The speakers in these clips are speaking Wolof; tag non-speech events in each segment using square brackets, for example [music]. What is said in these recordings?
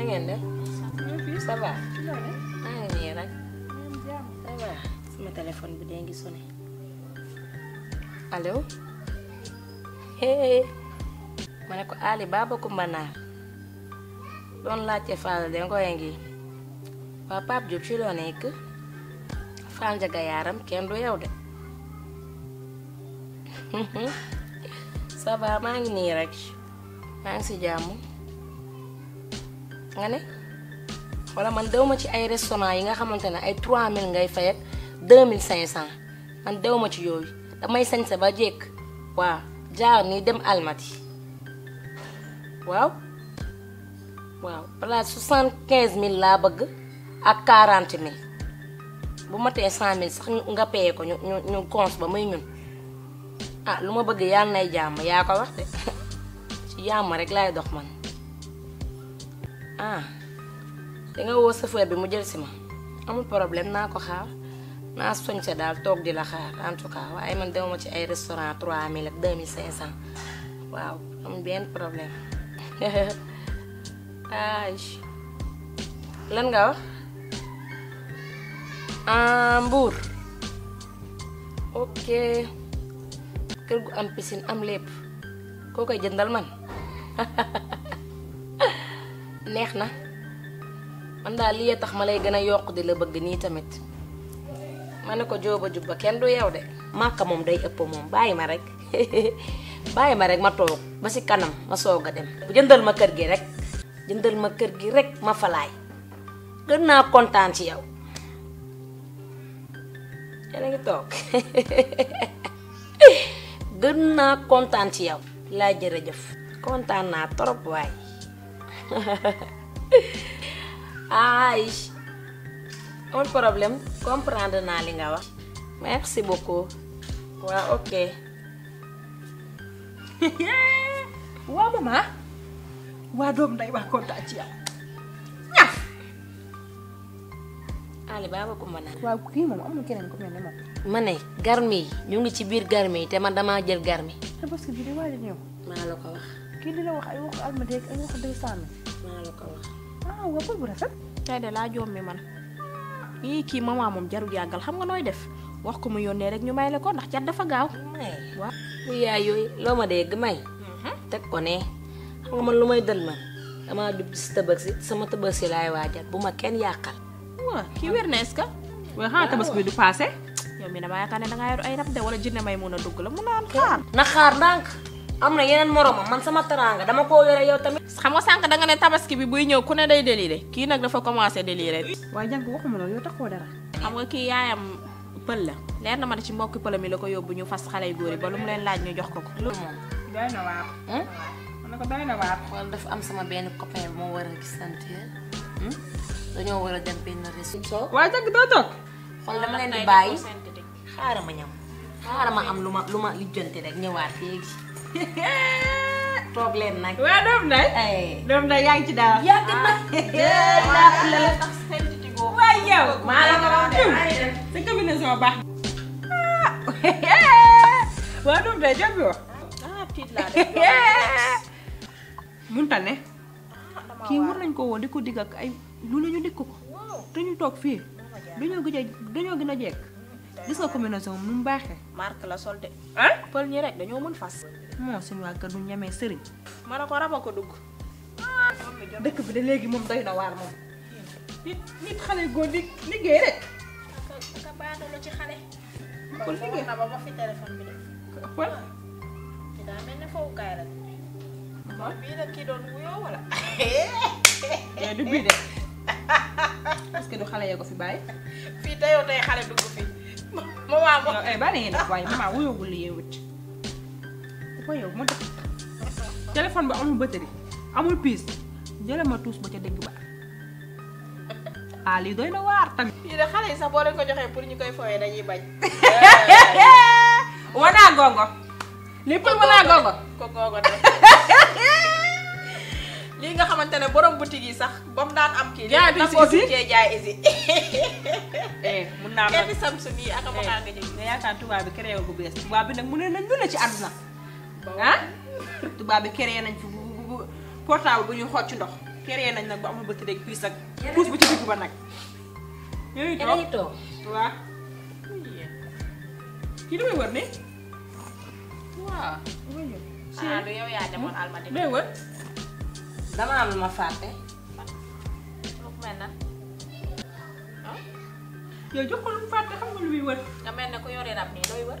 na ngeen def. sama téléphone bi dee ngi sonné. allo. hey. ma ne ko Ali Baba Naar. doon laajte Fall de Ngoye ngi. waa Pape Diop ci loo nekk. Fall Njaga yaaram kenn du yow de. [laughs] ça va maa ngi nii rek. maa ngi si jàmm. nga ne wala man dew ma ci ay restaurant yi nga xamante ne ay 3000 ngay fay cinq 2500 man dew ma ci yooyu damay sañse ba jekk waaw jaar nii dem almati waaw waaw quinze 75000 laa bëgg ak 40000. bu matee cent mille sax nga paye ko ñu ñu ñu ba muy ñun ah lu ma bëgg yàlla nay jàmm yaa ko wax de [laughs] ci jàmm rek lay dox man ah da nga woo chauffeur bi mu jël si ma amul problème naa ko xaar naa soñte daal toog di la xaar en tout cas waaye man demuma ci ay restaurant 3000 ak 2500 waaw amul benn problème [laughs] ay lan nga wax ah Mbour ok kër gu am piscine am lépp koo jëndal man [laughs] neex na man daal lii tax ma lay gën a yokk di la bëgg nii tamit ma ne ko jóoba jubba kenn du yow de màkka moom day ëpp moom bàyyi ma rek [laughs] bàyyi ma rek ma toog ba si kanam ma soog a dem jëndal ma kër gi rek jëndal ma kër gi rek ma falaay gën naa kontaan ci yow yéen a toog [laughs] gën naa kontaan ci yow laa jërëjëf kontaan naa trop waay Aïcha amul problème comprendre naa li nga wax merci beaucoup waaw ok waaw maman waa doom nday waa kontaan ci yow ñaf Ali baaba ko mën waaw kii moom amul keneen ku mel ne moom garmi yi ñu ngi ci biir garmi yi te man damaa jël garmi parce que bii de waajal ñëw oh. maa la ko wax kii di la wax ay waxu alma ak ay maa la ko wax. ah waaw bul de laa jommi man yii kii maman moom jarul yàggal xam nga nooy def wax ko mu yónnee rek ñu may la ko ndax cat dafa gaaw. may waaw. mu loo ma dégg may. Mhm. teg ko ne xam lu may dal man damaa jub si tëbëg sama tëbëg si laay waajal bu ma kenn yàqal. waaw kii wér na est-ce que. waaw xanaa bi du passé. yow mii damaa yaakaar ne dangaa yor ay rab de wala jinne may mun a dugg la mun naan xaar. na xaar ndànk. amna yenen morom man sama teranga dama ko yore yow tamit xam nga sank da nga ne tabaski bi buy ñew ku ne day déliré ki nak dafa commencer déliré way jank waxuma lool yow taxo dara xam nga ki yaayam peul la leer na ma ci mbokk peul mi la yobbu ñu fas xalé goori ba lu mu leen laaj ñu jox ko ko lu mom na waat hmm day na waat wal dafa am sama benn copain mo wara gisante hmm dañu wara dem benn resto way jank do tok xol dama leen di bayyi xaarama ñam xaarama am luma luma lijjante rek ñewaat fi [laughs] problem nak nag. waaw doom day. ay doom day yaa ngi ci daal. yàgg na daal la la tax seen titi boobu. waaw yow maa la ko wax de sa combinaison baax. waaw doom day jëm yoo. ah tiit laa def. munta ne. kii war nañ ko woon di ko digg ak ay lu la ñu ko. te ñu toog fii dañoo gëj a dañoo gis nga combinaison mu baaxee. marque la sol de. ah ñi rek dañoo mën fas. moom suñu waa kër du ñemee sëriñ ma ne ko raba ko dugg ah, dëkk bi de léegi moom doy na waar moom nit nit xale góor di liggéey rek aka baatalu ci xale kon liggéey raba ba fi de parce [laughs] du xale ya ko fi bàyyi fii teyoo tey xale dugg fi ma waa moom ay na ngeen ma maa wuyoo wulli yee wut waaw yow ma dëkk téléphone ba amul batterie amul pis jële ma tous ba ca dégg ba ah lii doy na waar tamit. fii de xale sax bo leen ko joxee pour ñu koy fowé dañuy bañ. wana gogo lii pour wanaa gongo. ko gogo li nga xamantene borom boutique yi sax bam daan am ki jaay bi ci isi jaay isi. [laughs] eh mën na kenn samsung yi ak ma nga jëg. ne yaaka tuba bi créé bu bes tuba bi nak mu ne nañ lu ne ci aduna ah tubaab bi créé nañ fi bu bu portable bu ñuy xool ci ndox créé nañ nag bu amul bët rek puus ak puus bu ci digg ba nag. yéen a ngi toog waaw. kii damay wër ne. waaw. ah du yow hmm? wër. dama am ma fàtte. lu mel na. ko lu yore rab nii looy wër.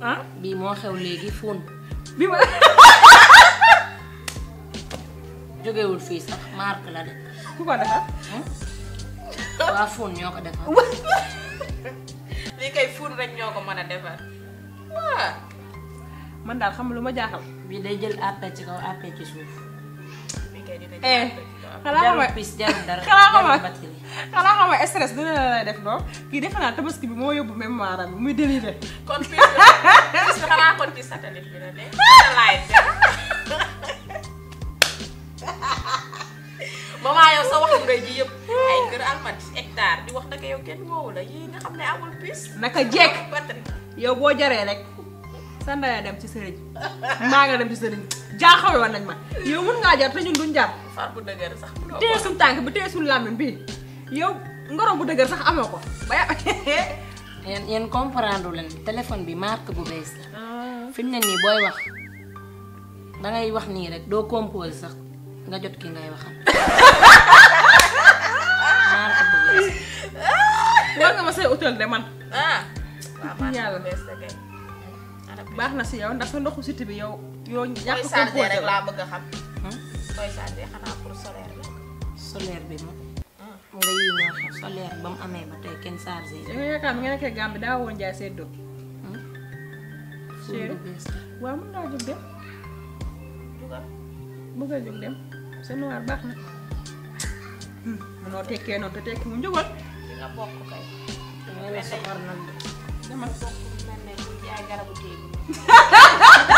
ah bii moo xew léegi fóon. bi ma. [laughs] jógewul fii sax marque la de. ku ko defar. Hmm? [laughs] waa fóon ñoo ko defar. [laughs] lii kay fóon rek ñoo ko man a defar waaw. man daal xam lu ma jaaxal. bii day jël àppee ci kaw àppee ci suuf. kay dina xanaa xam nga stress dina la lay def doom kii defe naa tabaski bi moo yóbbu mémoire am muy déliré. kon fii xanaa kon ci satellite bi la de sa waxu mbay ji di wax naka yow kenn woowu la yow boo jaree rek sa ndaya dem ci sëriñ maa nga dem ci sëriñ jaaxawe woon nañ ma yow mën ngaa jar te ñun duñ jar. far bu dëgër tànk bi téye suñu làmmiñ bi yow ngoro bu dëgër sax amoo ko ba [laughs] yéen yéen comprendre leen téléphone bi marque bu bees la. Ah. fi nii booy wax dangay wax nii rek doo composé sax nga jot ki ngay waxal. [laughs] marque bu bees. nga ma say utal de man. Ah. baax na si yow ndax sa ndoxu cité bi yow. yoo ñàkk ko posé xanaa pour solaire bi. Hmm. solaire nga yii ñoo xam ba mu amee ba tey kenn chargé. da nga yaakaar mi nga nekkee Gambie daa woon seddoo. chéri waaw mën ngaa jóg dem. jugal bëgg a jóg dem sa noir baax na. mënoo hmm, tekkee noonu te tekki mu njugal. di nga bokk kay. dama la soxor nag dama bokk. Yeah, I got a good